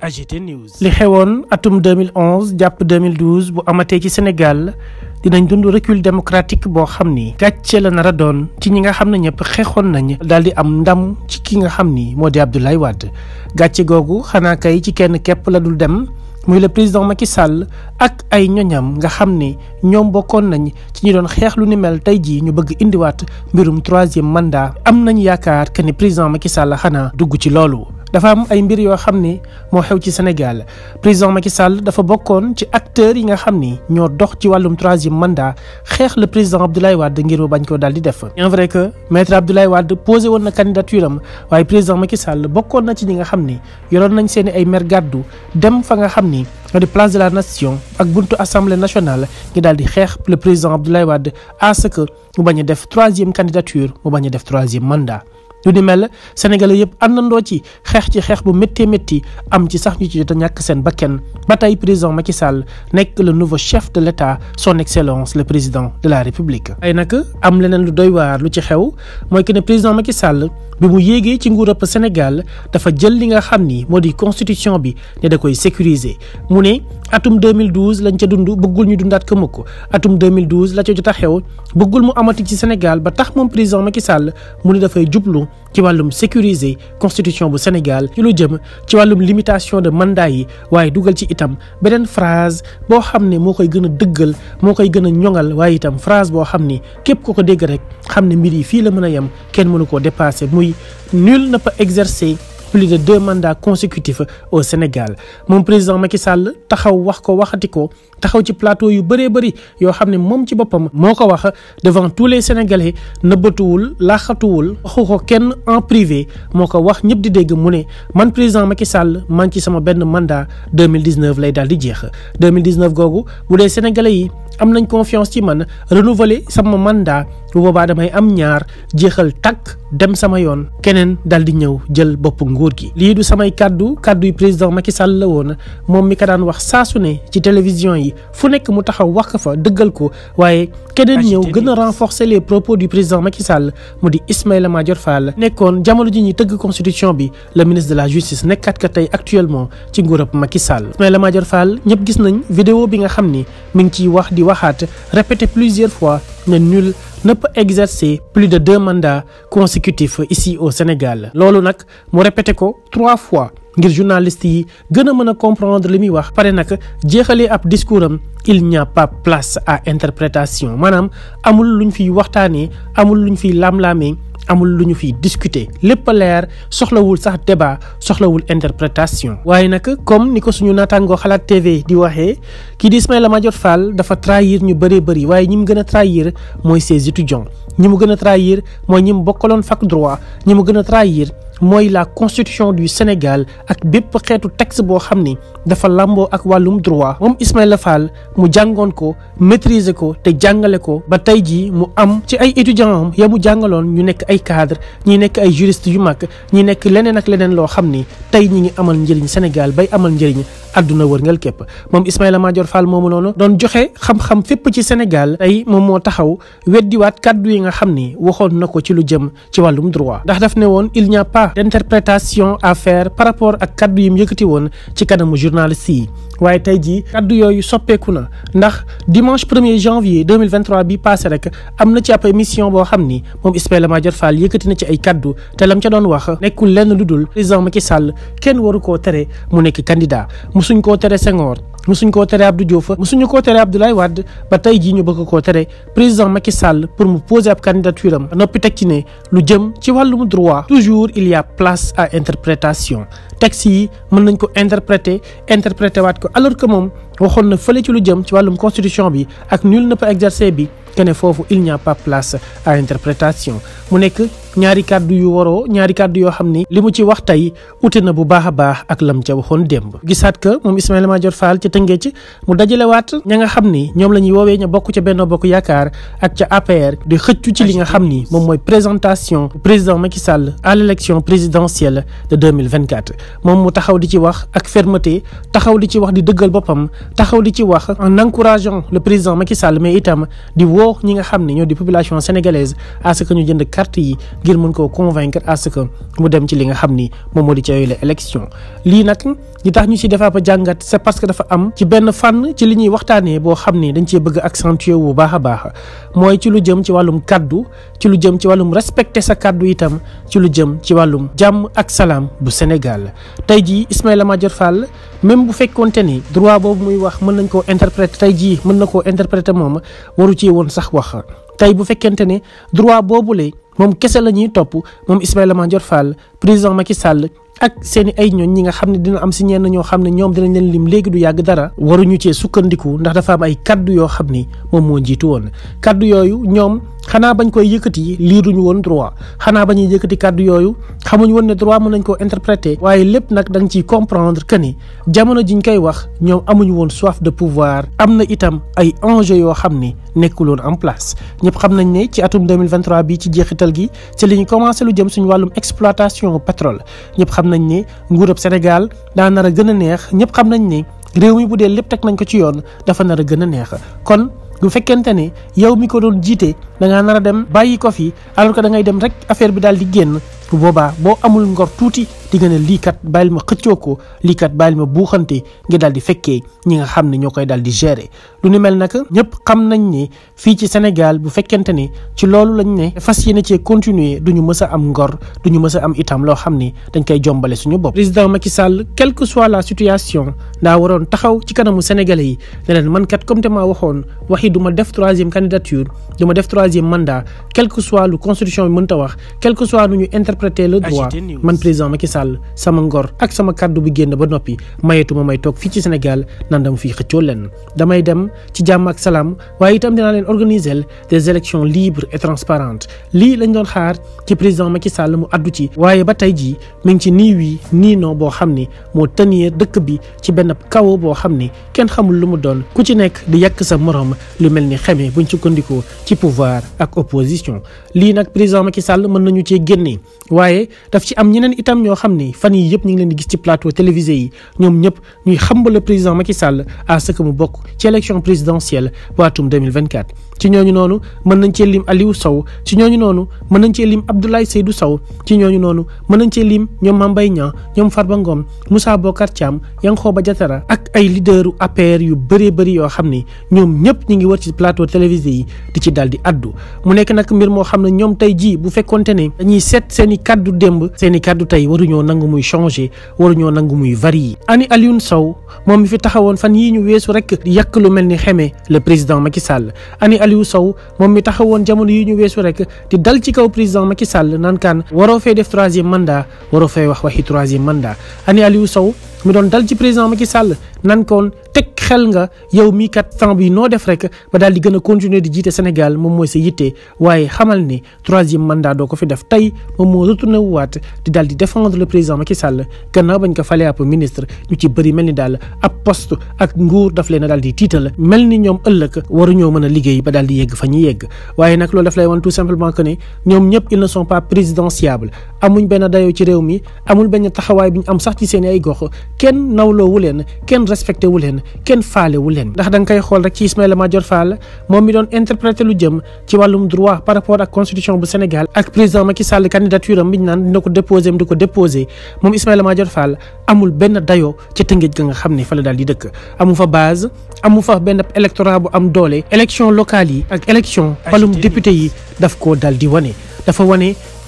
AGT News. li xewoon atum 2011 jàpp 2012 bu amatee ci Sénégal dinañ dund recul démocratique boo xam ni gàcce la nar a doon ci ñi nga xam ne ñëpp xeexoon nañ daal di am ndam ci ki nga xam ni moo di Abdoulaye Wade gàcce googu xanaa kay ci kenn képp la dul dem. muy le président Macky Sall ak ay ñoñam nga xam ne ñoom bokkoon nañ ci ñu doon xeex lu ni mel tey jii ñu bëgg indiwaat mbirum troisième mandat am nañ yaakaar que ni président Macky Sall xanaa dugg ci loolu. dafa am ay mbir yoo xam ni moo xew ci Sénégal président Macky Sall dafa bokkoon ci acteurs yi nga xam ni ñoo dox ci wàllum troisième mandat xeex la président Abdoulaye Wade ngir mu bañ koo daal di def. bien vrai que maître Abdoulaye Wade posé woon na candidature am waaye président Macky Sall bokkoon na ci ni nga xam ni yoroon nañ seen ay mer gàddu dem fa nga xam ni di place de la nation ak buntu assemblée nationale ngi daal di xeex le président Abdoulaye Wade à ce que mu bañ a def troisième candidature mu bañ a def troisième mandat. lu ni mel sénégalais yëpp àndandoo ci xeex ci xeex bu méttee métti am ci sax ñu ci jot ñàkk seen kenn ba tey président Macky Sall nekk le nouveau chef de l' état son excellence le président de la république. ay nag am leneen lu doy waar lu ci xew mooy que ne président Macky Sall bi mu yéegee ci nguurub Sénégal dafa jël li nga xam ni moo di constitution bi ne da koy sécuriser mu ne. atum 2012 lañ ca dund bëggul ñu dundaat ko mukk atum 2012 la ca jot a xew bëggul mu amati ci Sénégal ba tax moom président Macky Sall mu ne dafay jublu ci wàllum sécuriser constitution bu Sénégal ci lu jëm ci wàllum limitation de mandat waaye dugal ci itam beneen frase boo xam ne moo koy gën a dëggal moo koy gën a ñoŋal waaye itam frase boo xam ne képp ku ko dégg rek xam ne mbir yi fii la mën a yem kenn mënu koo dépasser muy nul ne peut exercer plus de deux mandats consécutifs au Sénégal moom président Macky Sall taxaw wax ko waxati ko taxaw ci plateau yu bëree bëri yoo xam ne moom ci boppam moo ko wax devant tous les Sénégalais nëbbatuwul laaxatuwul waxu ko kenn en privé moo ko wax ñëpp di dégg mu ne man président Macky Sall man ci sama benn mandat 2019 lay daal di jeex 2019 googu bu dee Sénégalais yi am nañ confiance ci man renouveler sama mandat bu boobaa damay am ñaar jeexal takk dem sama yoon keneen dal di ñëw jël bopp nguur gi. lii du samay kàddu kàddu yu président Macky Sall la woon moom mi ka daan wax saa su ne ci télévision yi fu nekk mu taxaw wax fa dëggal ko waaye keneen ñëw gën a renforcer les propos du président Macky Sall mu di Ismaïla Madior Fall. nekkoon jamono ji ñuy tëgg constitution bi le ministre de la justice nekkaat ka tey actuellement ci nguurab Macky Sall Ismaïla Madior Fall ñëpp gis nañ vidéo bi nga xam ni ngi di waxaat répété plusieurs fois ne nul ne peut exercer plus de deux mandats consécutifs ici au Sénégal loolu nag mu répété ko trois fois ngir journaliste yi gën a mën a comprendre li muy wax pare nag jeexalee ab discours am il n'y a pas place à interprétation maanaam amul lu ñu fiy waxtaanee amul lu ñu fiy lam-laamee amul lu ñu fiy discuter lépp a leer soxlawul sax débat soxlawul interprétation. waaye nag comme ni ko suñu naataangoo xalaat TV di waxee kii la ma jot Fall dafa trahir ñu bëree bëri waaye ñi mu gën a trahir mooy ses étudiants ñi mu gën a trahir mooy ñi mu bokkaloon fac droit ñi mu gën a trahir. mooy la constitution du Sénégal ak bépp xeetu texte boo xam ni dafa làmboo ak wàllum droit moom Ismaïla Fall mu jàngoon ko maîtriser ko te jàngale ko ba tey jii mu am ci ay étudiants am ya mu jàngaloon ñu nekk ay cadre ñi nekk ay juristes yu mag ñi nekk leneen ak leneen loo xam ni tey ñi ngi amal njëriñ Sénégal bay amal njëriñ àdduna wërngal képp moom Ismaïla major Fall moomu noonu doon joxe xam-xam fépp ci Sénégal tey moom moo taxaw weddiwaat kàddu yi nga xam ni waxoon na ko ci lu jëm ci wàllum droit ndax daf ne woon il n'y a pas d'interprétation à par rapport ak kàddu yi mu yëkkati woon ci kanamu journaliste yi waaye tey jii kaddu yooyu soppeeku na ndax dimanche premier janvier 2023 bi passé rek am na ci ab émission boo xam ni moom a Madior Fall yëkkati na ci ay kàddu te lam ca doon wax nekkul lenn lu dul président Macky Sall kenn waru koo tere mu nekk candidat musuñ koo tere Senghor suñ koo tere Abdou Diouf musuñu koo tere Abdoulaye Wade ba tey jii ñu bëgg koo tere président Macky Sall pour mu poser ab candidature am noppi teg ci ne lu jëm ci wàllum droit toujours il y a à interprétation texte yi mën nañ ko interpréter interpréter waat ko alors que moom waxoon na fële ci lu jëm ci wàllum constitution bi ak nul ne peut exercer bi que ne foofu il n'y a pas place à interprétation mu nekk ñaari kàddu yu waroo ñaari kàddu yoo xam ni li mu ci wax tey ute na bu baax a baax ak lam ca waxoon démb gisaat que moom Ismaïla Madior Fall ca Tëngéej mu dajalewaat ña nga xam ni ñoom la ñuy woowee ña bokk ca Benno Bokk Yaakaar ak ca APR di xëccu ci li nga xam ni moom mooy présentation président Macky Sall à l'élection présidentielle de 2024 moom mu taxaw di ci wax ak fermeté taxaw di ci wax di dëggal boppam taxaw di ci wax en encourageant le président Macky Sall mais itam di woo ñi nga xam ne ñoo di population sénégalaise à que ñu jënd carte yi ngir mën koo convaincre à ce mu dem ci li nga xam ni moom moo di ca la élection lii nag ñi tax ñu ci defaa ba jàngat c'est parce que dafa am ci benn fànn ci li ñuy waxtaanee boo xam ni dañ cee bëgg accentuer wu baax a baax mooy ci lu jëm ci wàllum kàddu ci lu jëm ci wàllum respecter sa kàddu itam ci lu jëm ci wàllum jàmm ak salaam bu Sénégal tey jii Ismaïla Madior Fall même bu fekkonte ni droit boobu muy wax mën nañ koo interpréter tey jii mën na koo interpréter moom waru ci woon sax wax tey bu fekkente ne droit boobule moom kese la ñuy topp moom Ismaïla Madior Fall président Macky Sall ak seen ay ñooñ ñi nga xam ne dina am si ñenn ñoo xam ne ñoom dinañ leen lim léegi du yàgg dara. waruñu cee sukkandiku ndax dafa am ay kaddu yoo xam ni moom moo njiitu woon kaddu yooyu ñoom. xanaa bañ koy yëkkati liiruñu woon droit xanaa bañuy yëkkati kàddu yooyu xamuñu woon ne droit mën nañ koo interpréter. waaye lépp nag dañ nga ciy comprendre que ni jamono jiñ koy wax ñoom amuñu woon soif de pouvoir am na itam ay enjeux yoo xam ni nekkuloon en place ñëpp xam nañ ne ci atum 2023 bii ci jeexital gi ci li ñu commencé lu jëm suñu wàllum exploitation pétrole ñëpp xam nañ ne nguurub Sénégal daa nar a gën a neex ñëpp xam nañ ne réew mi bu dee lépp teg nañ ko ci yoon dafa nar a gën a neex kon bu fekkente ne yow mi ko doon jiite da nar a dem bàyyi ko fii alors que da ngay dem rek affaire bi daal di génn bu boobaa boo amul ngor tuuti di nga ne lii kat bàyyil ma xëccoo ko lii ma buuxante nga daal di fekkee ñi nga xam ne ñoo koy daal di gérer lu ni mel nag ñëpp xam nañ ne fii ci Sénégal bu fekkente ne ci loolu lañ ne fas yéene cee continuer du ñu mës a am ngor du ñu mës a am itam loo xam ne dañ koy jombale suñu bopp. résident Macky Sall quelle que soit la situation ndaa waroon taxaw ci kanamu sénégalais yi ne leen man kat comme te maa waxoon waxi du ma def troisième candidature du ma def troisième mandat quel que soit mënta wax interpréter le droit man président Macky Sall sama ngor ak sama kàddu bu génn ba noppi mayetuma may toog fii ci Sénégal nan dama fiy xëccoo leen damay dem ci jàmm ak salaam waaye itam dinaa leen organiser des élections libres et transparentes lii lañ doon xaar ci président Macky Sall mu addu ci waaye ba tey jii mi ngi ci nii wii nii non boo xam ni moo tenir dëkk bi ci benn kawo boo xam ni kenn xamul lu mu doon ku ci nekk di yàkk sa morom lu mel ni xeme buñ sukkandikoo ci pouvoir ak opposition lii nag président Macky Sall mën nañu cee génne waaye daf ci am ñeneen itam ñoo xam ni fan yi yëpp ñu ngi leen di gis ci plateau télévisé yi ñoom ñëpp ñuy xambal le président Macky Sall à ce que mu bokk ci élection présidentielle waatum 2024 ci ñooñu noonu mën nañ cee lim Aliou saw ci ñooñu noonu mën nañ cee lim Abdoulaye Seydou saw ci ñooñu noonu mën nañ cee lim ñoom Mame Mbaye Niang ñoom Farba Ngom Moussa Bocar Thiam Yankhoba Diattara ak ay leaderu APR yu bëree bëri yoo xam ne ñoom ñëpp ñu ngi war ci plateau télévisé yi di ci daal di addu mu nekk nag mbir moo xam ne ñoom tey jii bu fekkonte ne dañuy seet seen i kaddu démb seeni kàddu kaddu tey waruñoo nangu muy changé waruñoo nangu muy yi ani Alioune Sow moom mi fi taxawoon fan yii ñu weesu rek yàq lu mel ni xeme le président Macky Sall Aliou Sow moom mi taxawoon jamono yi ñu weesu rek di dal ci kaw président Macky Sall naan kaan waroo fee def troisième mandat waroo fee wax waxi troisième mandat ani Aliou Sow mi doon dal ci président Macky Sall nan koon teg xel nga yow mii kat temps bi noo def rek ba daal di gën a continuer di jiite Sénégal moom mooy sa yitte waaye xamal ni troisième mandat doo ko fi def tey moom moo retourné wu waat di daal di défendre le président Macky Sall gannaaw bañ ko falee ab ministre ñu ci bëri mel ni daal ab poste ak nguur daf leen a daal di tiital mel ni ñoom ëllëg waruñoo mën a liggéey ba daal di yegg fa ñuy yegg waaye nag loolu daf lay wan tout simplement que ne ñoom ñëpp ils ne sont pas présidentiables amuñ benn dayoo ci réew mi amul benn taxawaay bi ñu am sax ci seen ay gox kenn nawloo wu leen kenn respecté wu leen kenn faale wu leen ndax danga koy xool rek ci Ismaïla Madior Fall moom mi doon interprété lu jëm ci wàllum droit par rapport ak constitution bu Sénégal ak président Macky Sall candidature am bi ñu naan dina ko déposé di ko déposé moom Ismaïla Madior Fall amul benn dayoo ci tëngéej ga nga xam ni fala la daal di dëkk amu fa base amu fa benn électorat bu am doole élection locale yi ak élection palum député yi daf koo daal di wane dafa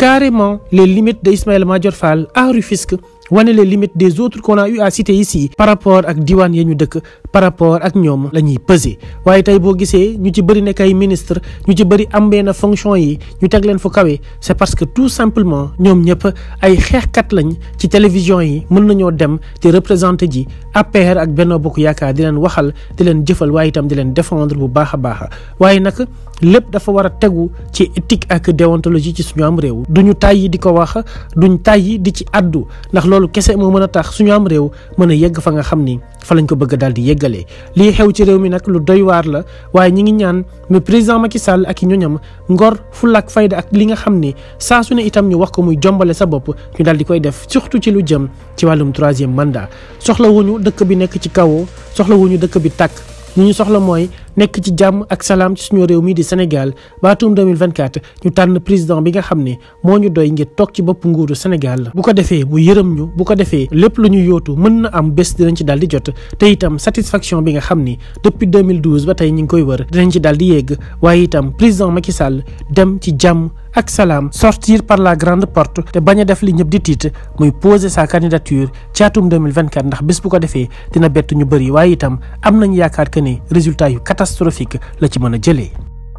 carrément les limites de Ismaïla Madior Fall à Rufisque wane les limites des autres qu'on a eu à citer ici par rapport ak diwaan ya ñu dëkk par rapport ak ñoom la ñuy peser waaye tey boo gisee ñu ci bëri nekk ay ministre ñu ci bëri am benn fonction yi ñu teg leen fu kawe c'est parce que tout simplement ñoom ñëpp ay xeexkat lañ ci télévision yi mën nañoo dem te représenter ji APR ak Benno Bokk Yaakaar di leen waxal di leen jëfal waaye itam di leen défendre bu baax a baax waaye nag lépp dafa war a tegu ci éthique ak déontologie ci suñu am réew duñu tàyyi di ko wax duñ tàyyi di ci addu ndax loolu kese moo mën a tax suñu am réew mën a yegg fa nga xam ni fa lañ ko bëgg daal di yeggalee lii xew ci réew mi nag lu doy waar la waaye ñi ngi ñaan mais président Macky Sall ak i ñoñam ngor fulak fayda ak li nga xam ni saa su ne itam ñu wax ko muy jombale sa bopp ñu daal di koy def surtout ci lu jëm ci wàllum troisième mandat soxla wuñu dëkk bi nekk ci kawoo soxla wuñu dëkk bi tàkk li ñu soxla mooy nekk ci jàmm ak salaam suñu réew mi di Sénégal baatum 2024 ñu tànn président bi nga xam ne moo ñu doy ngir toog ci bopp nguuru Sénégal bu ko defee mu yërëm ñu bu ko defee lépp lu ñu yootu mën na am bés dinañ ci daal di jot te itam satisfaction bi nga xam ni depuis 2012 ba tey ñu ngi koy wër dinañ ci daal di yegg waaye itam président Macky Sall dem ci jàmm ak salaam sortir par la grande porte te bañ a def li ñëpp di tiit muy poser sa candidature ci atum 2024 ndax bés bu ko defee dina bett ñu bëri waaye itam am nañ yaakaar que ne résultat yu catastrophique la ci mën a jëlee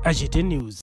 AGT News